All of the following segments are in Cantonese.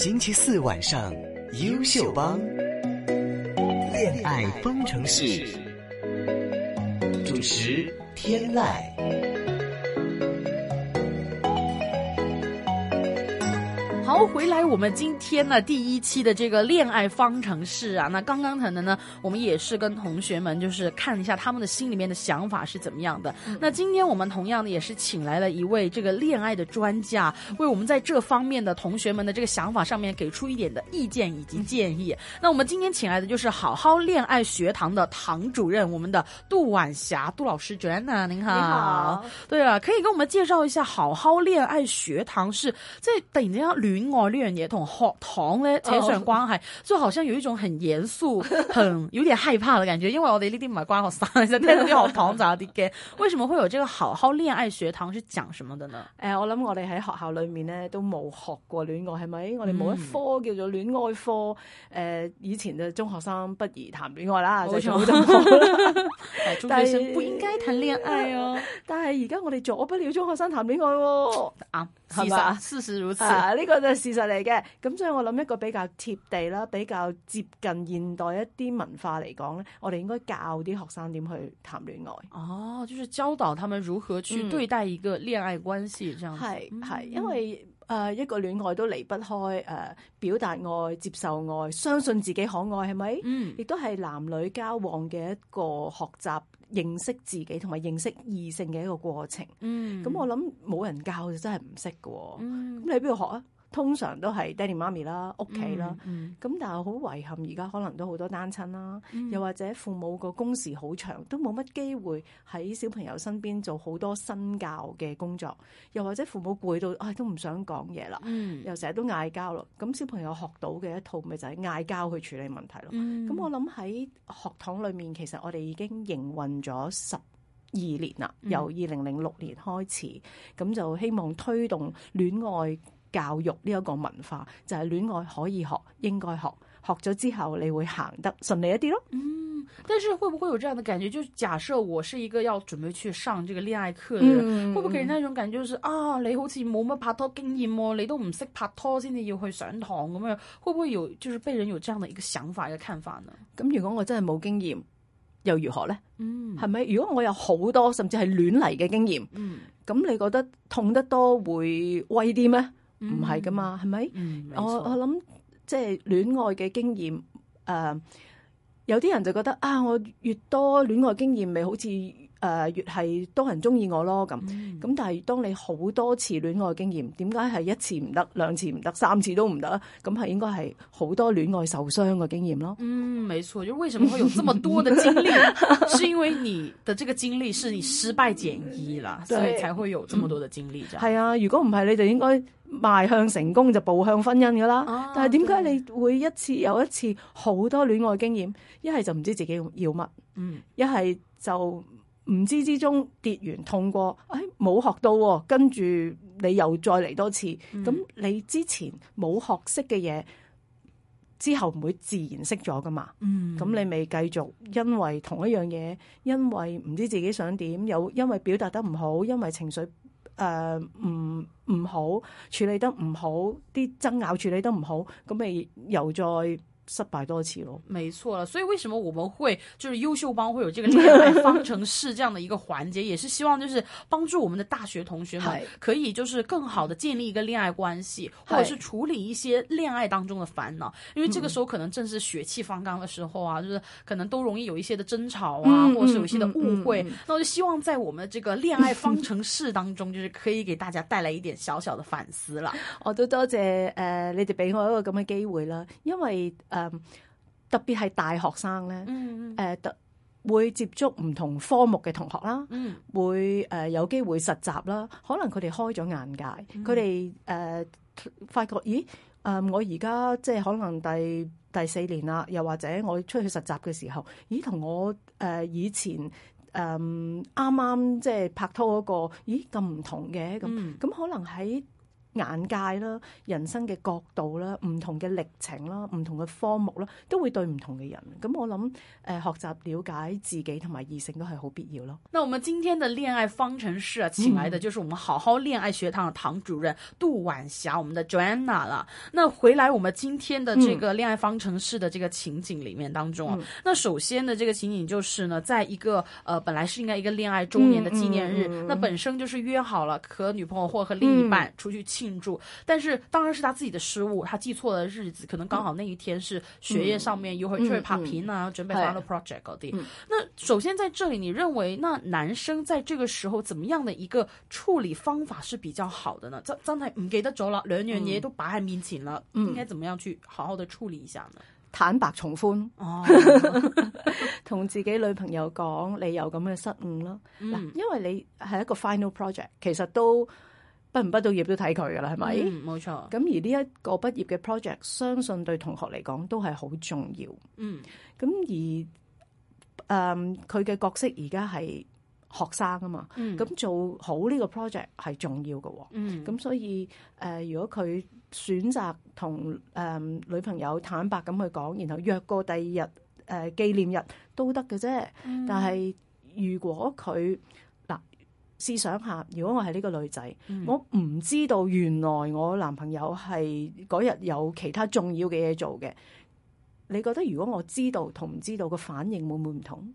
星期四晚上，優秀幫戀愛方程式主持天籟。回來，我們今天呢第一期的這個戀愛方程式啊，那剛剛可能呢，呢，我們也是跟同學們，就是看一下他們的心裏面的想法是怎麼樣的。嗯、那今天我們同樣呢，也是請來了一位這個戀愛的專家，為我們在這方面的同學們的這個想法上面給出一點的意見以及建議。嗯、那我們今天請來的就是好好戀愛學堂的唐主任，我們的杜婉霞杜老師，Jenna 您好，你好，對啦，可以跟我們介紹一下好好戀愛學堂是在怎樣運營。愛呢樣嘢同學堂咧扯上關係，啊、所以好像有一種很嚴肅、很有點害怕嘅感覺。因為我哋呢啲唔係乖學生，就聽到啲學堂就有啲驚。為什麼會有這個好好戀愛學堂？是講什麼的呢？誒、呃，我諗我哋喺學校裏面咧都冇學過戀愛，係咪？我哋冇一科叫做戀愛科。誒、呃，以前嘅中學生不宜談戀愛啦，錯就冇咁講啦。但係、 啊、不應該談戀愛、嗯、啊！但係而家我哋做不了中學生談戀愛喎、啊。啱、嗯。事實，事實如此。啊，呢、這個就係事實嚟嘅。咁所以，我諗一個比較貼地啦，比較接近現代一啲文化嚟講咧，我哋應該教啲學生點去談戀愛。哦，就是教導他們如何去對待一個戀愛關係，這樣係係、嗯，因為。誒、uh, 一個戀愛都離不開誒、uh, 表達愛、接受愛、相信自己可愛係咪？是是嗯，亦都係男女交往嘅一個學習認識自己同埋認識異性嘅一個過程。嗯，咁我諗冇人教就真係唔識㗎喎。嗯，咁你喺邊度學啊？通常都係爹哋媽咪啦，屋企啦，咁、嗯嗯、但係好遺憾，而家可能都好多單親啦，嗯、又或者父母個工時好長，都冇乜機會喺小朋友身邊做好多身教嘅工作，又或者父母攰到，唉，都唔想講嘢啦，嗯、又成日都嗌交咯，咁小朋友學到嘅一套咪就係嗌交去處理問題咯。咁、嗯、我諗喺學堂裏面，其實我哋已經營運咗十二年啦，由二零零六年開始，咁就、嗯嗯、希望推動戀，戀愛。教育呢一個文化就係、是、戀愛可以學，應該學，學咗之後你會行得順利一啲咯。嗯，但是會唔會有這樣嘅感覺？就假設我是一個要準備去上這個戀愛課嘅人，嗯、會唔會給人家一種感覺？就是、嗯、啊，你好似冇乜拍拖經驗哦，你都唔識拍拖，先至要去上堂咁樣，會唔會有？就是被人有這樣嘅一個想法嘅看法啊？咁、嗯、如果我真係冇經驗，又如何呢？嗯，係咪？如果我有好多甚至係亂嚟嘅經驗，嗯，咁、嗯嗯、你覺得痛得多會威啲咩？唔係㗎嘛，係咪、嗯嗯？我我諗即係戀愛嘅經驗，誒、呃、有啲人就覺得啊，我越多戀愛經驗，咪好似。誒、呃，越係多人中意我咯，咁咁，但係當你好多次戀愛經驗，點解係一次唔得，兩次唔得，三次都唔得？咁係應該係好多戀愛受傷嘅經驗咯。嗯，沒錯，就為什麼會有這麼多嘅經歷， 是因為你的這個經歷是你失敗者贏二啦， 所以才會有這麼多嘅經歷。就係、嗯、啊，如果唔係你就應該邁向成功就步向婚姻噶啦。啊、但係點解你會一次又一次好多戀愛經驗？一係就唔知自己要乜，一係就。唔知之中跌完痛過，哎冇學到、哦，跟住你又再嚟多次，咁、嗯、你之前冇學識嘅嘢，之後唔會自然識咗㗎嘛？咁、嗯、你未繼續因，因為同一樣嘢，因為唔知自己想點，又因為表達得唔好，因為情緒誒唔唔好處理得唔好，啲爭拗處理得唔好，咁咪又再。三百多次咯，沒錯了。所以為什麼我們會就是優秀幫會有這個戀愛方程式這樣的一個環節， 也是希望就是幫助我們的大學同學們可以就是更好的建立一個戀愛關係， 或者是處理一些戀愛當中的煩惱。 因為這個時候可能正是血氣方剛的時候啊，就是可能都容易有一些的爭吵啊， 或者是有一些的誤會。 那我就希望在我們這個戀愛方程式當中，就是可以給大家帶來一點小小的反思啦。 我都多謝誒、呃，你哋俾我一個咁嘅機會啦，因為。誒特別係大學生咧，誒特、嗯嗯呃、會接觸唔同科目嘅同學啦，嗯、會誒、呃、有機會實習啦，可能佢哋開咗眼界，佢哋誒發覺咦誒、呃、我而家即係可能第第四年啦，又或者我出去實習嘅時候，咦同我誒、呃、以前誒啱啱即係拍拖嗰個咦咁唔同嘅咁，咁、嗯、可能喺。眼界啦，人生嘅角度啦，唔同嘅歷程啦，唔同嘅科目啦，都會對唔同嘅人。咁、嗯、我諗誒、呃、學習了解自己同埋異性都係好必要咯。那我們今天的戀愛方程式啊，請來的就是我們好好戀愛學堂嘅堂主任、嗯、杜婉霞，我們的 Jana 啦。那回來我們今天的這個戀愛方程式的這個情景裏面當中啊，嗯、那首先呢，這個情景就是呢，在一個誒、呃，本來是應該一個戀愛週年的紀念日，嗯嗯嗯、那本身就是約好了和女朋友或和另一半出去，嗯慶祝，但是當然是他自己的失誤，他記錯了日子，可能剛好那一天是學業上面又會出去拍片啊，嗯、準備 final project 嗰啲、嗯。那首先在這裏，你認為那男生在這個時候怎麼樣的一個處理方法是比較好的呢？真真係唔記得咗啦，兩樣嘢都擺喺面前啦，嗯嗯、應該怎麼樣去好好的處理一下呢？坦白從寬哦，同自己女朋友講你有咁嘅失誤咯，嗱，因為你係一個 final project，其實都。畢唔畢到業都睇佢㗎喇，係咪？冇錯、嗯。咁而呢一個畢業嘅 project，相信對同學嚟講都係好重要。嗯，咁而誒，佢、呃、嘅角色而家係學生啊嘛。嗯，咁做好呢個 project 係重要嘅。嗯，咁所以誒、呃，如果佢選擇同誒女朋友坦白咁去講，然後約過第二日誒紀念日都得嘅啫。嗯，但係如果佢試想下，如果我係呢個女仔，嗯、我唔知道原來我男朋友係嗰日有其他重要嘅嘢做嘅。你覺得如果我知道同唔知道嘅反應會唔會唔同？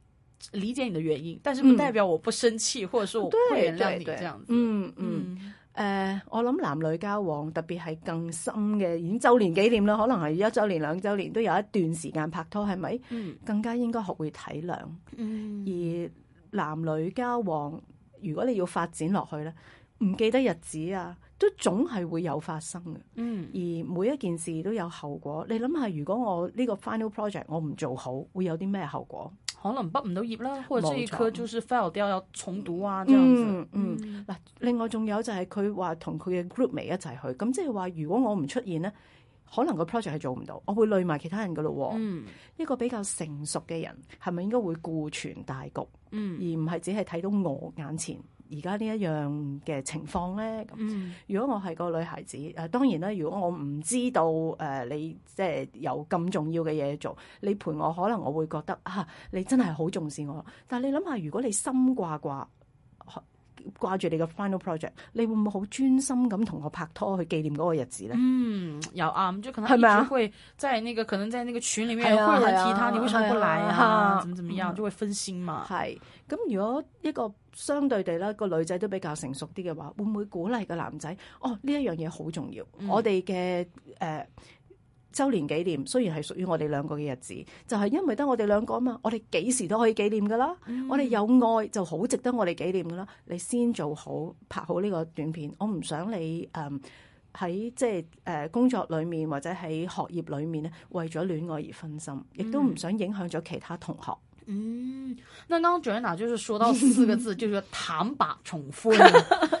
理解你的原因，但是不代表我不生氣，嗯、或者說我唔原諒你對對對這樣子。嗯嗯，誒、嗯呃，我諗男女交往特別係更深嘅，已經周年紀念啦，可能係一周年、兩周年都有一段時間拍拖，係咪？嗯、更加應該學會體諒。嗯、而男女交往如果你要發展落去咧，唔記得日子啊，都總係會有發生嘅。嗯，而每一件事都有後果，你諗下，如果我呢個 final project 我唔做好，會有啲咩後果？可能畢唔到業啦，或者佢就是 fail 掉，要重讀啊，這樣，嗯嗯，嗱、嗯，另外仲有就係佢話同佢嘅 group 咪，一齊去，咁即係話如果我唔出現咧，可能個 project 係做唔到，我會累埋其他人噶咯。嗯，一個比較成熟嘅人，係咪應該會顧全大局？嗯，而唔係只係睇到我眼前。而家呢一樣嘅情況咧，咁如果我係個女孩子，誒當然啦，如果我唔知道誒、呃、你即係有咁重要嘅嘢做，你陪我，可能我會覺得嚇、啊、你真係好重視我。但係你諗下，如果你心掛掛，掛住你個 final project，你會唔會好專心咁同我拍拖去紀念嗰個日子咧？嗯，有啊，咁可能佢會即係呢個，吧可能在呢個群裏面會玩其他，啊、你會想鼓勵啊，啊怎麼怎麼樣，嗯、就會分心嘛。係，咁如果一個相對地咧、個女仔都比較成熟啲嘅話，會唔會鼓勵個男仔？哦，呢一樣嘢好重要，嗯、我哋嘅誒。呃周年紀念雖然係屬於我哋兩個嘅日子，就係、是、因為得我哋兩個啊嘛，我哋幾時都可以紀念噶啦。嗯、我哋有愛就好值得我哋紀念噶啦。你先做好拍好呢個短片，我唔想你誒喺即係誒工作裏面或者喺學業裏面咧為咗戀愛而分心，亦都唔想影響咗其他同學。嗯，啱啱 Jenna 就是說到四個字，叫做 坦白從寬。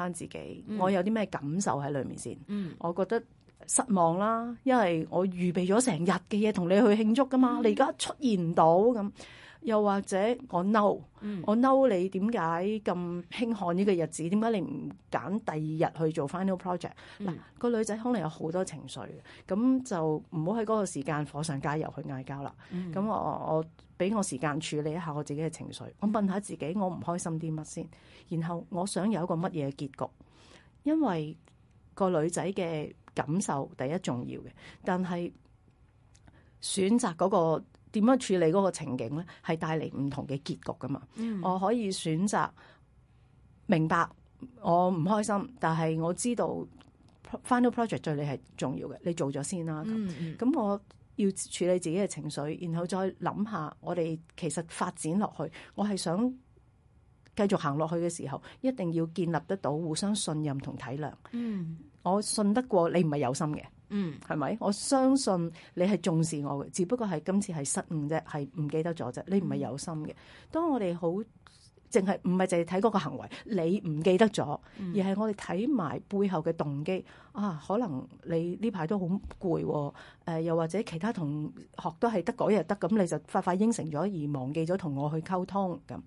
翻自己，我有啲咩感受喺裏面先？嗯、我覺得失望啦，因為我預備咗成日嘅嘢同你去慶祝噶嘛，嗯、你而家出現唔到咁。又或者我嬲、嗯、我嬲你點解咁輕看呢個日子？點解你唔揀第二日去做 final project？嗱、嗯，個女仔可能有好多情緒，咁就唔好喺個時間火上加油去嗌交啦。咁、嗯、我我俾我時間處理一下我自己嘅情緒，我問下自己我唔開心啲乜先，然後我想有一個乜嘢結局，因爲個女仔嘅感受第一重要嘅，但係選擇、嗰個。點樣處理嗰個情景咧，係帶嚟唔同嘅結局噶嘛？嗯、我可以選擇明白我唔開心，但係我知道 Final Project 對你係重要嘅，你做咗先啦。咁、嗯、我要處理自己嘅情緒，然後再諗下我哋其實發展落去，我係想繼續行落去嘅時候，一定要建立得到互相信任同體諒。嗯，我信得過你唔係有心嘅。嗯，係咪？我相信你係重視我嘅，只不過係今次係失誤啫，係唔記得咗啫。你唔係有心嘅。當我哋好，淨係唔係淨係睇嗰個行為，你唔記得咗，而係我哋睇埋背後嘅動機。啊，可能你呢排都好攰、啊，誒、呃，又或者其他同學都係得嗰日得咁，你就快快應承咗而忘記咗同我去溝通咁，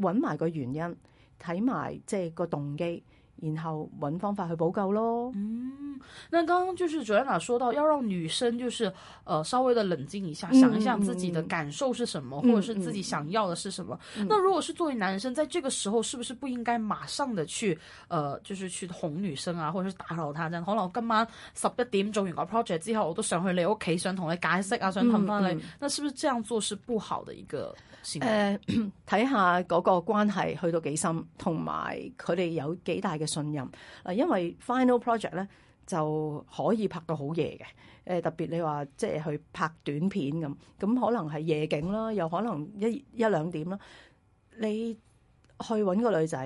揾埋個原因，睇埋即係個動機。然後搵方法去補救咯。嗯，那剛剛就是 Joanna 說到，要讓女生就是，呃稍微的冷靜一下，嗯、想一想自己的感受是什麼，嗯、或者是自己想要的是什麼。嗯、那如果是作為男生，在這個時候，是不是不應該馬上的去，呃就是去哄女生啊，或者是打擾他？這樣？可能今晚十一點做完個 project 之後，我都想去你屋企，想同你解釋啊，想氹翻你。嗯嗯、那是不是這樣做是不好的一個？誒、呃，睇下個關係去到幾深，同埋佢哋有幾大嘅。信任嗱，因為 final project 咧就可以拍到好夜嘅，誒特別你話即係去拍短片咁，咁可能係夜景啦，又可能一一兩點啦。你去揾個女仔，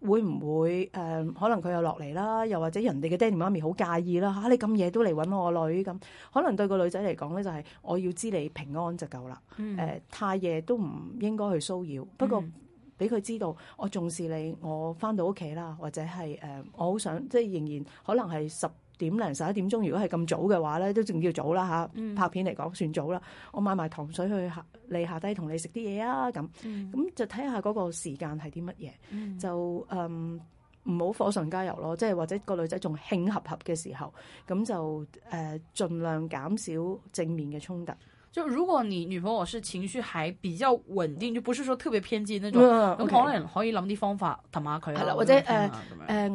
會唔會誒、呃？可能佢又落嚟啦，又或者人哋嘅爹哋媽咪好介意啦嚇、啊，你咁夜都嚟揾我女咁，可能對個女仔嚟講咧，就係我要知你平安就夠啦。誒、嗯呃，太夜都唔應該去騷擾。嗯、不過俾佢知道我重視你，我翻到屋企啦，或者係誒、呃，我好想即係仍然可能係十點零十一點鐘，如果係咁早嘅話咧，都仲叫早啦吓、啊，拍片嚟講算早啦。我買埋糖水去下你下低同你食啲嘢啊，咁咁、嗯、就睇下嗰個時間係啲乜嘢，嗯、就誒唔好火上加油咯，即係或者個女仔仲興合合嘅時候，咁就誒呃、盡量減少正面嘅衝突。就如果你女朋友是情緒還比較穩定，就不是說特別偏激那種，可能、uh, okay. 可以諗啲方法，氹下佢，係啦，或者誒誒、啊，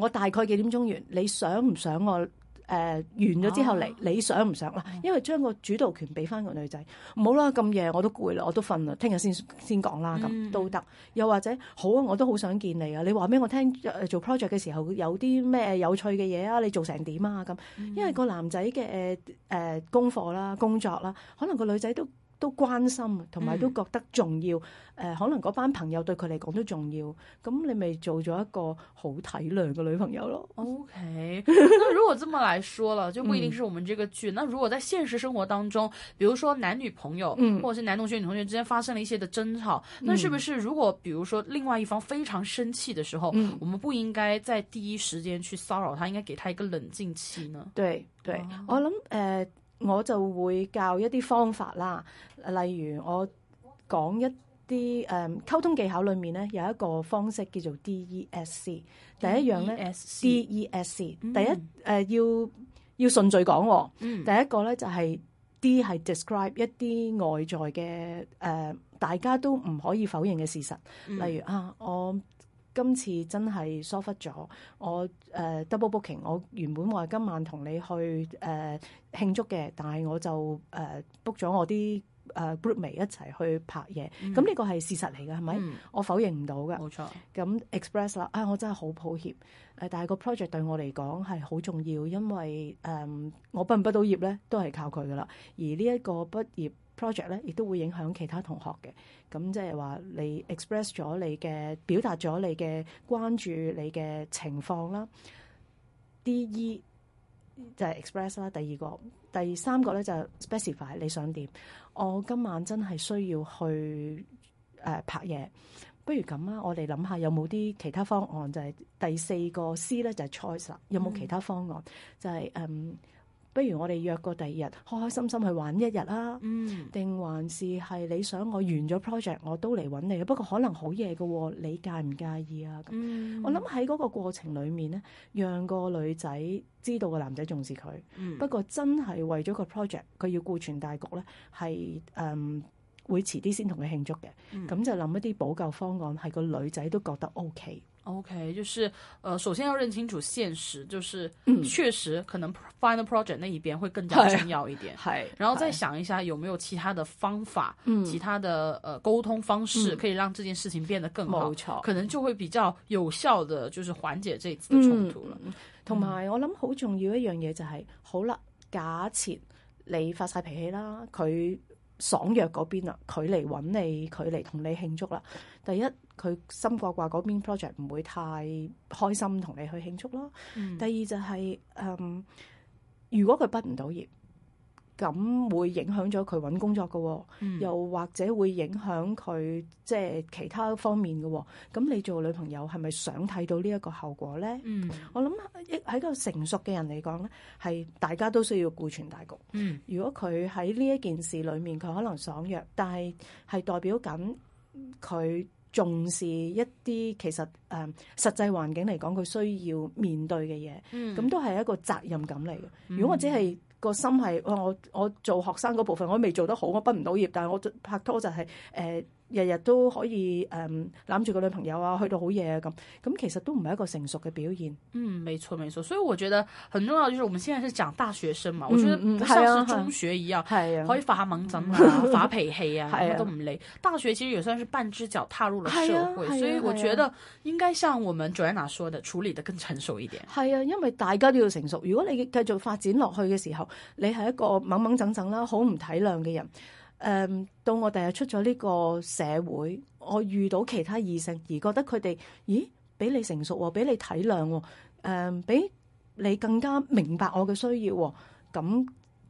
我大概幾點鐘完？你想唔想我？ 誒、呃、完咗之後，嚟，oh. 你想唔想啦？因為將個主導權俾翻個女仔，嗯、唔好啦，咁夜我都攰啦，我都瞓啦，聽日先先講啦，咁都得、mm.。又或者好啊，我都好想見你啊！你話俾我聽，做 project 嘅時候有啲咩有趣嘅嘢啊？你做成點啊？咁，mm. 因為個男仔嘅誒功課啦、工作啦，可能個女仔都。都關心，同埋都覺得重要。誒、嗯呃，可能嗰班朋友對佢嚟講都重要。咁、嗯、你咪做咗一個好體諒嘅女朋友咯。O Okay , K， 那如果這麼來說了，就不一定是我們這個劇。嗯、那如果在現實生活當中，比如說男女朋友，嗯、或者是男同學、女同學之間發生了一些的爭吵，嗯、那是不是如果，比如說另外一方非常生氣的時候，嗯、我們不應該在第一時間去騷擾他，應該給他一個冷靜期呢？對對，對，我諗誒。呃呃我就會教一啲方法啦，例如我講一啲誒、嗯、溝通技巧裏面咧有一個方式叫做 DESC。E S、C，第一樣咧，DESC。第一誒、呃、要要順序講。嗯、第一個咧就係、是、D 係 describe 一啲外在嘅誒、呃、大家都唔可以否認嘅事實，嗯、例如啊我。今次真係疏忽咗，我誒、呃、double booking，我原本話今晚同你去誒、呃、慶祝嘅，但係我就誒 book 咗我啲誒、呃、groupmate 一齊去拍嘢，咁呢、嗯、個係事實嚟嘅，係咪？嗯、我否認唔到㗎。冇錯。咁 express 啦，啊、哎，我真係好抱歉，誒、呃，但係個 project 對我嚟講係好重要，因為誒、嗯、我畢唔畢到業咧都係靠佢㗎啦，而呢一個畢業。project 咧，亦都會影響其他同學嘅。咁即係話，你 express 咗你嘅表達咗你嘅關注你嘅情況啦。Mm. D E 就係 express 啦。第二個，第三個咧就 specify 你想點？我今晚真係需要去誒、呃、拍嘢。不如咁啊，我哋諗下有冇啲其他方案？就係、是、第四個 C 咧就係 choice 啦。有冇其他方案？Mm. 就係、是、誒。Um, 不如我哋約個第二日，開開心心去玩一日啦、啊。嗯，定還是係你想我完咗 project 我都嚟揾你？不過可能好夜嘅喎，你介唔介意啊？嗯，我諗喺嗰個過程裡面咧，讓個女仔知道個男仔重視佢。嗯、不過真係為咗個 project，佢要顧全大局咧，係誒、嗯、會遲啲先同佢慶祝嘅。咁、嗯、就諗一啲補救方案，係個女仔都覺得 OK。OK，就是，呃，首先要認清楚現實，就是、嗯、確實可能 Final Project 那一邊會更加重要一點，係，然後再想一下有沒有其他的方法，嗯、其他的，呃，溝通方式可以讓這件事情變得更好，嗯、可能就會比較有效的，就是緩解這次的衝突啦。同埋、嗯，我諗好重要一樣嘢就係、是，嗯、好啦，假設你發晒脾氣啦，佢爽約嗰邊啦，佢嚟揾你，佢嚟同你慶祝啦，第一。佢心掛掛嗰邊 project 唔會太開心同你去慶祝咯。嗯、第二就係、是，嗯，如果佢畢唔到業，咁會影響咗佢揾工作嘅，嗯、又或者會影響佢即係其他方面嘅。咁你做女朋友係咪想睇到呢一個後果咧？嗯、我諗喺一個成熟嘅人嚟講咧，係大家都需要顧全大局。嗯、如果佢喺呢一件事裡面佢可能爽約，但係係代表緊佢。重視一啲其實誒、呃、實際環境嚟講，佢需要面對嘅嘢，咁、嗯、都係一個責任感嚟。嗯、如果我只係個心係，我我做學生嗰部分，我未做得好，我畢唔到業，但係我拍拖就係、是、誒。呃日日都可以誒攬住個女朋友啊，去到好夜啊咁咁，其實都唔係一個成熟嘅表現。嗯，冇錯冇錯，所以我覺得很重要，就是我們現在是講大學生嘛，嗯、我覺得像，中學一樣係、嗯、啊，可以發懵癲癲，發脾氣啊，都唔理。大學其實也算是半隻腳踏入了社會，啊啊、所以我覺得應該像我們 Joanna 說的，處理得更成熟一點。係啊，啊，因為大家都要成熟。如果你繼續發展落去嘅時候，你係一個懵懵癲癲啦，好唔體諒嘅人。誒，um, 到我第日出咗呢個社會，我遇到其他異性而覺得佢哋，咦，比你成熟喎、哦，比你體諒喎、哦，誒、um，比你更加明白我嘅需要喎、哦，咁。